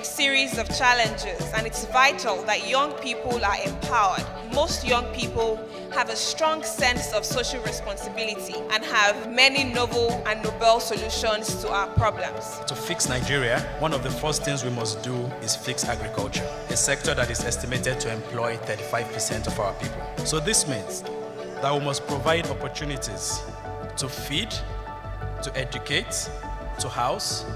a series of challenges and it's vital that young people are empowered. Most young people have a strong sense of social responsibility and have many novel and noble solutions to our problems. To fix Nigeria, one of the first things we must do is fix agriculture, a sector that is estimated to employ 35% of our people. So this means that we must provide opportunities to feed, to educate, to house,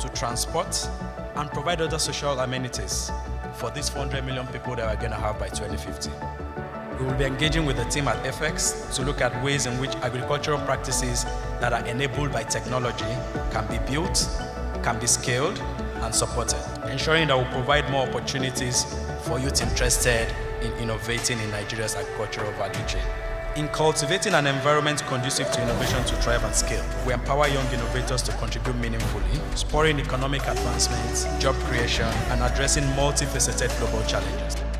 to transport, and provide other social amenities for these 400 million people that we're going to have by 2050. We will be engaging with the team at FX to look at ways in which agricultural practices that are enabled by technology can be built, can be scaled, and supported, ensuring that we provide more opportunities for youth interested in innovating in Nigeria's agricultural value chain. In cultivating an environment conducive to innovation to thrive and scale, we empower young innovators to contribute meaningfully, spurring economic advancement, job creation, and addressing multifaceted global challenges.